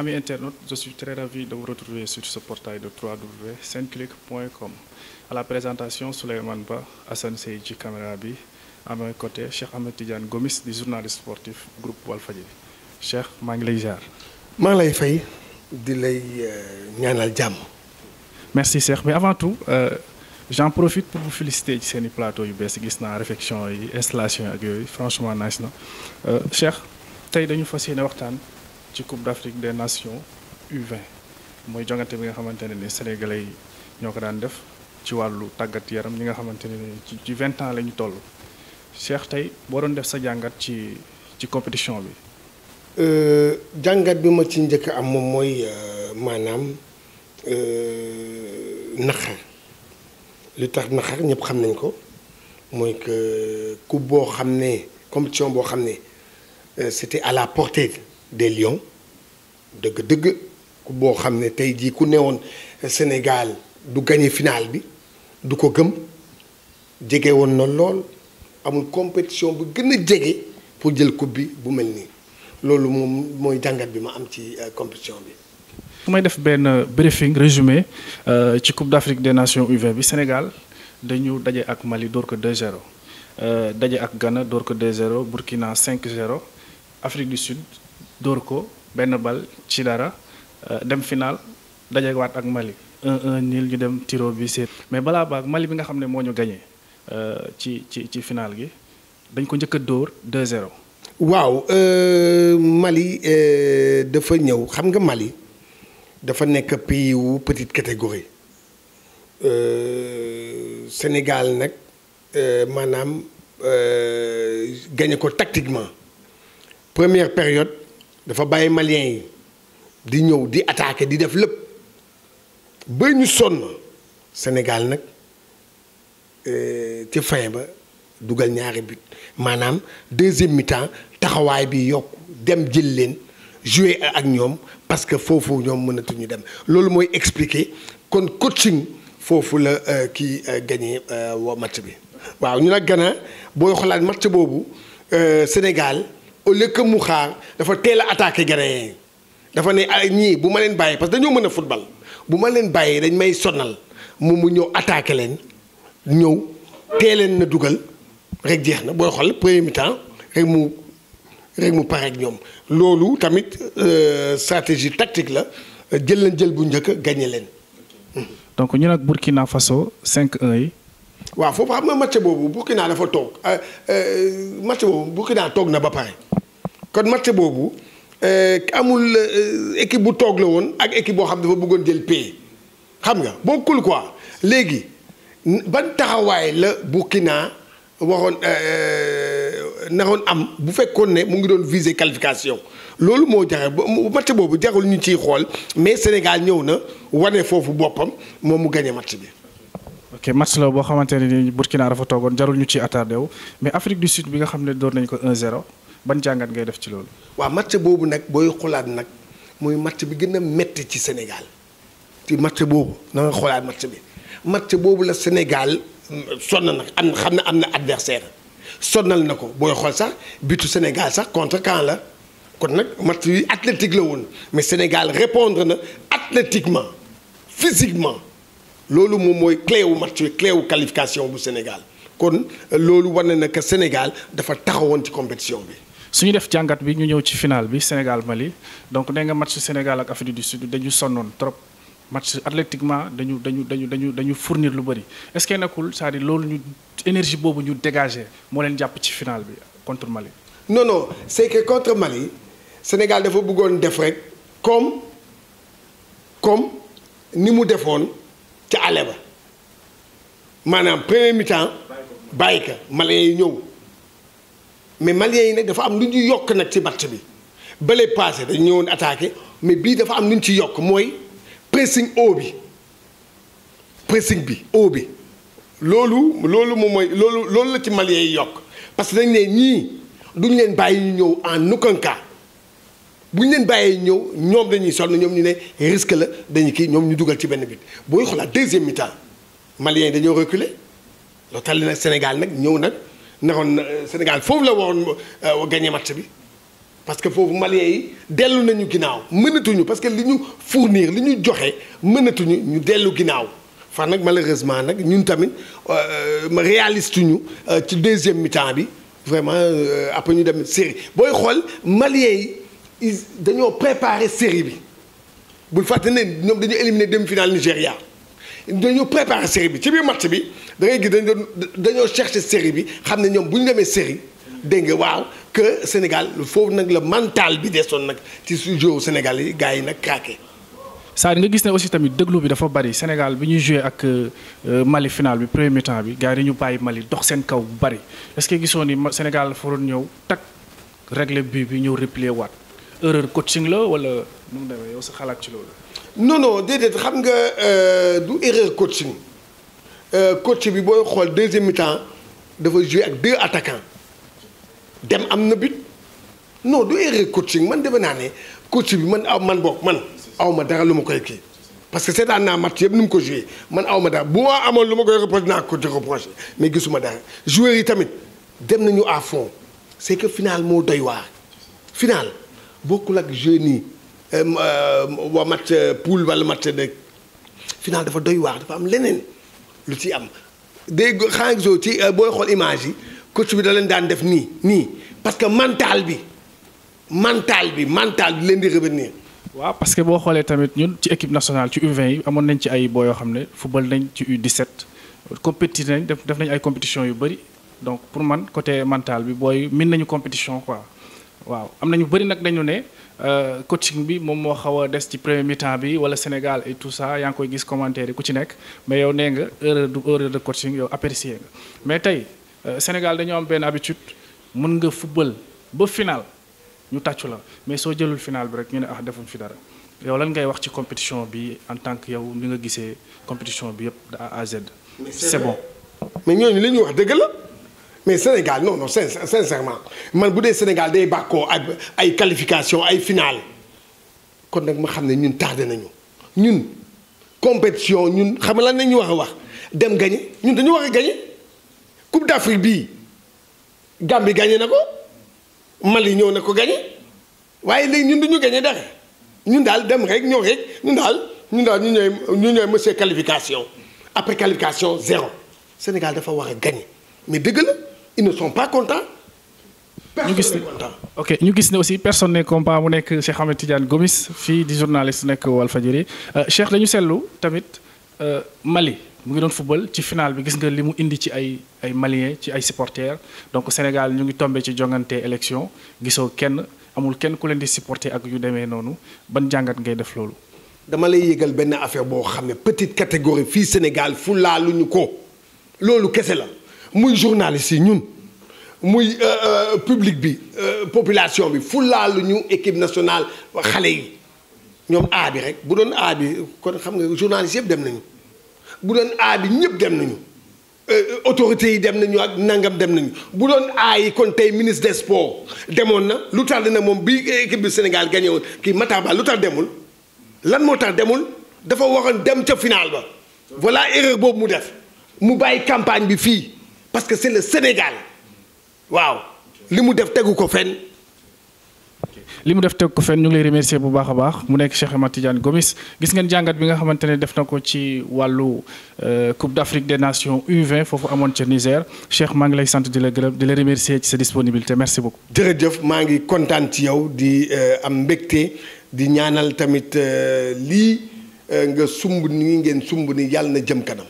Amis internautes, je suis très ravi de vous retrouver sur ce portail de À la présentation, Souleymane Ba, Hassan Seydji caméra bi, à mes côtés Cheikh Ahmed Tidiane Gomis di journaliste sportif groupe Walfadjri. Cheikh maa ngi lay jaar. maa ngi lay fay di lay euh, ñaanal jàmm. merci Cheikh mais avant tout euh, j'en profite pour vous féliciter ci seen i plateau yu bees gis naa réflexion yi installation ak yooyu franchement nice na euh, Cheikh tey dañu fas yéene waxtaan. ci coupe d'Afrique des nations u mooy jongante bi nga xamante ne ni sénégalais yi ñoo ko daan def ci wàllu tàggat yaram ñi nga xamante ne ni ci vingt ans la ñu toll Cheikh tey boo doon def sa jàngat ci ci compétition bi. Euh, jàngat bi ma ci njëkk am moom mooy euh, maanaam euh, naqar li tax naqar ñëpp xam nañ ko mooy que coupe boo xam ne compétition boo xam ne c'était à la portée. des lions dëgg-dëgg boo xam ne tey jii ku newoon Sénégal du gagné final bi du ko gëm jege woon na lool amul compétition bu gën a jege pour jël coupe bi bu mel nii loolu moom mooy jàngat bi ma am ci euh, compétition bi. su may def benn euh, briefing résumé euh, ci coupe d'Afrique des nations u bi Sénégal dañu daje ak Mali door ko 2-0 daje ak Ghana door ko 2-0 Burkina 5-0 Afrique du Sud. dóor ko benn bal ci dara euh, dem final dajewaat ak Mali 1 ñu dem tiro bi seet mais balaa baag Mali bi nga xam ne moo ñu gagné euh, ci ci ci final gi dañ ko njëkk a dóor 2-0. waaw euh, Mali dafa ñëw xam nga Mali dafa nekk pays wu petite catégorie Sénégal nag maanaam gagné ko tactiquement première période. dafa bàyyi malien yi di ñëw di attaquer di def lépp ba ñu sonn Sénégal nag euh, ci fin ba dugal ñaari but maanaam deuxième mi taxawaay bi yokk dem jël leen jouer ak ñoom parce que foofu ñoom mënatuñu dem loolu mooy expliquer kon coaching foofu la euh, kii euh, gagné wa match bi waaw ñu nag Gana booy xoolaat matt boobu Sénégal au lieu que mu xaar dafa teel a attaqué dafa ne ay ñii bu ma leen bàyyee parce que dañoo mën a football bu ma leen bàyyee dañ may sonal mu mu ñëw attaqué leen ñëw tee leen na dugal rek jeex na booy xool premier mi-temps mu rek mu pare ak ñoom loolu tamit euh, stratégie tactique la jël leen jël bu njëkk gagné leen. donc ñu nag Burkina Faso cinq 1 yi. waaw foofu xam nga match boobu Burkina dafa toog euh, euh, match boobu Burkina toog na ba pare. kon match boobu euh, amul euh, équipe bu toog la woon ak équipe boo xam dafa bëggoon jël pay xam nga bokkul quoi léegi ban taxawaay la Burkina waxoon euh, naxoon am bu fekkoon ne mu ngi doon viser qualification loolu moo jaxe match boobu jaxul ñu ci xool mais Sénégal ñëw na wane foofu boppam moom mu gagné match bi. ok match la boo xamante ne ni Burkina dafa toogoon jarul ñu ci attardé wu mais Afrique du Sud bi nga xam ne door nañ ko un 0 ban jàngat ngay def ci loolu. waaw match boobu nag booy xulaat nag muy match bi gën a métti ci Sénégal ci match boobu na nga xoolaat match bi match boobu la Sénégal mm, sonna nag am xam ne am na adversaire sonnal na ko booy xool sax bitu Sénégal sax contre camp la kon nag match yi athlétique la woon mais Sénégal répondre na athlétiquement physiquement loolu moom mooy clé wu match bi qualification bu Sénégal kon loolu wane na que Sénégal dafa taxawoon ci compétition bi. suñu def jàngat bi ñu ñëw ci final bi Sénégal Mali donc nee nga match Sénégal ak Afrique du Sud dañu sonoon trop match athlétiquement dañu dañu dañu dañu dañu fournir lu bëri est-ce que loolu ñu énergie boobu ñu dégagé moo leen jàpp ci final bi contre Mali. non non c'est que contre Mali Sénégal dafa bëggoon def rek comme comme ni mu defoon ca àll ba maanaam premier mi-temps bàyyi ka Mali yi ñëw. mais malien yi nag dafa am lu ñu yokk nag ci match bi bale passé dañu ñëwoon attaqué mais bii dafa am lu ñu ci yokk mooy pressing haut bi pressing bi haut bi loolu loolu moom mooy loolu loolu la ci maliens yi yokk parce que dañ ne ñii duñ leen bàyyi ñu ñëw en aucun cas buñ leen bàyyee ñëw ñoom dañuy sol na ñoom ñu ne risque la dañu kii ñoom ñu dugal ci benn bit booy xoolaat deuxième mi-temps maliens yi dañoo reculer loolu tax nag Sénégal nag ñëw nag. nekkoon euh, Sénégal foofu la waroon euh, gagné match bi parce que foofu Maliens yi dellu nañu ginnaaw mënatuñu parce que li ñu fournir li ñu joxe mënatuñu ñu dellu ginnaaw fan nag malheureusement nag ñun tamit euh, ma réaliste ñu ci deuxième mi bi vraiment après ñu dem série booy xool Maliens yi dañoo préparer série bi bul fàtte ne ñoom dañu éliminer demi-finale Nigéria. dañoo préparé série bi ci biir match bi da ngay gis dañ doon dañoo série bi xam ne ñoom bu ñu demee série dégg nga waaw que Sénégal foofu nag la mental bi desoon nag ci su jeu Sénégal yi gars yi nag craqué. saa nga gis ne aussi tamit déglu bi dafa bari Sénégal bi ñuy joué ak euh, Mali final bi premier mi-temps bi gars yi dañu bàyyi Mali dox seen kaw bu bari parce ce que gisoon ni Sénégal foroon ñëw tak réglé bi bi ñëw replier waat. erreur coaching la wala nu mu demee yow sa xalaat ci loolu. non non xam nga euh, du erreur coaching euh, coach bi booy xool deuxième mi-temps dafa jouer ak deux attaquants dem am na bit non du erreur coaching man defe naa ne coach bi man aw man boo man aw ma dara lu ma koy kii. parce que seetaan naa match yëpp ni mu ko joué man aw ma dara bu ma amoon lu ma koy reproché naa ko di mais gisuma dara joueurs yi tamit dem nañu à fond c'est que final moo doy waar final. bokkul ak jeunes yi waa match euh, poule wala match de final dafa doy waax dafa am leneen lu ci am dégg xanaa ci euh, booy xool image yi coach bi da leen daan def nii nii parce que mental bi mental bi mental bi leen di revenir waaw parce que boo xoolee tamit ñun ci équipe nationale ci u yi amoon nañ ci ay boo yoo xam ne football nañ ci U17 compétit nañ def def nañ ay compétition yu bëri donc pour man côté mental bi booy min nañu compétition quoi waaw am na ñu bëri nag dañu ne euh, coaching bi moom moo xaw a des ci premier mi bi wala Sénégal et tout ça yaa ngi koy gis commentaire yi ku ci nekk mais yow nee nga erreur du erreur de coaching yow apprécier nga mais tey euh, Sénégal dañoo am benn habitude mën nga football ba final ñu tàccu la mais soo jëlul final bi rek ñu ne ah defuñ fi dara yow lan ngay wax ci compétition bi en tant que yow ni nga gisee compétition bi yëpp de A à mais Sénégal non non sincèrement man bu dee Sénégal day bàkkoo ak ay qualification ay final kon nag ma xam ne ñun tardé nañu ñun compétition ñun xam nga lan la ñu wax a wax dem gagné ñun dañu war a gagné Coupe d'Afrique bii Gambie gagné na ko Mali ñëw ne ko gagné waaye léegi ñun duñu gagné dara ñun daal dem rek ñoo rek ñun daal ñun daal ñu ñooy ñu monsieur qualification après qualification zéro Sénégal dafa wax a gagné mais dëgg la. ils ne sont pas contents. ñu gis ne ok ñu gis ne aussi personne ne mu nekk Cheikh Ahmed Tidiane Gomis fii di journaliste nekk Walfadjri euh, Cheikh dañu seetlu tamit euh, Mali mu ngi doon football ci final bi gis nga li mu indi ci ay ay maliens ci ay supporters donc Sénégal ñu ngi tombé ci jongante élection gisoo kenn amul kenn ku leen di supporter ak yu demee noonu ban jàngat ngay def loolu. dama lay yëgal benn affaire boo xam ne petite catégorie fii Sénégal fu laaluñu ko loolu kese la. muy journaliste yi ñun muy euh, euh, public bi euh, population bi fu laalu ñu équipe nationale xale yi ñoom A bi rek bu doon A bi kon xam nga journaliste yëpp dem nañu bu doon A bi ñëpp dem nañu autorités yi dem nañu ak nangam dem nañu bu doon A kon tey ministre des demoon na lu tax dina moom bi équipe Sénégal gagné woon kii Matar Ba lu tax demul lan moo tax demul dafa waxoon dem ca final ba voilà erreur boobu mu def mu bàyyi campagne bi fii. parce que c'est le Sénégal waaw li mu def tegu ko fenn. li mu def teg ko fenn ñu ngi lay remercier bu baax a baax mu nekk Cheikh ma Tidiane Gomis gis ngeen jàngat bi nga xamante ne def na ko ci wàllu euh, Coupe d'Afrique des Nations U20 foofu amoon ca Niger Cheikh maa ngi lay sant di la gërëm di la remercier ci sa disponibilité merci beaucoup. maa ngi kontaan ci yow di euh, am mbégte di ñaanal tamit euh, lii nga sumb nii ngeen sumb ni yàlla na jëm kanam.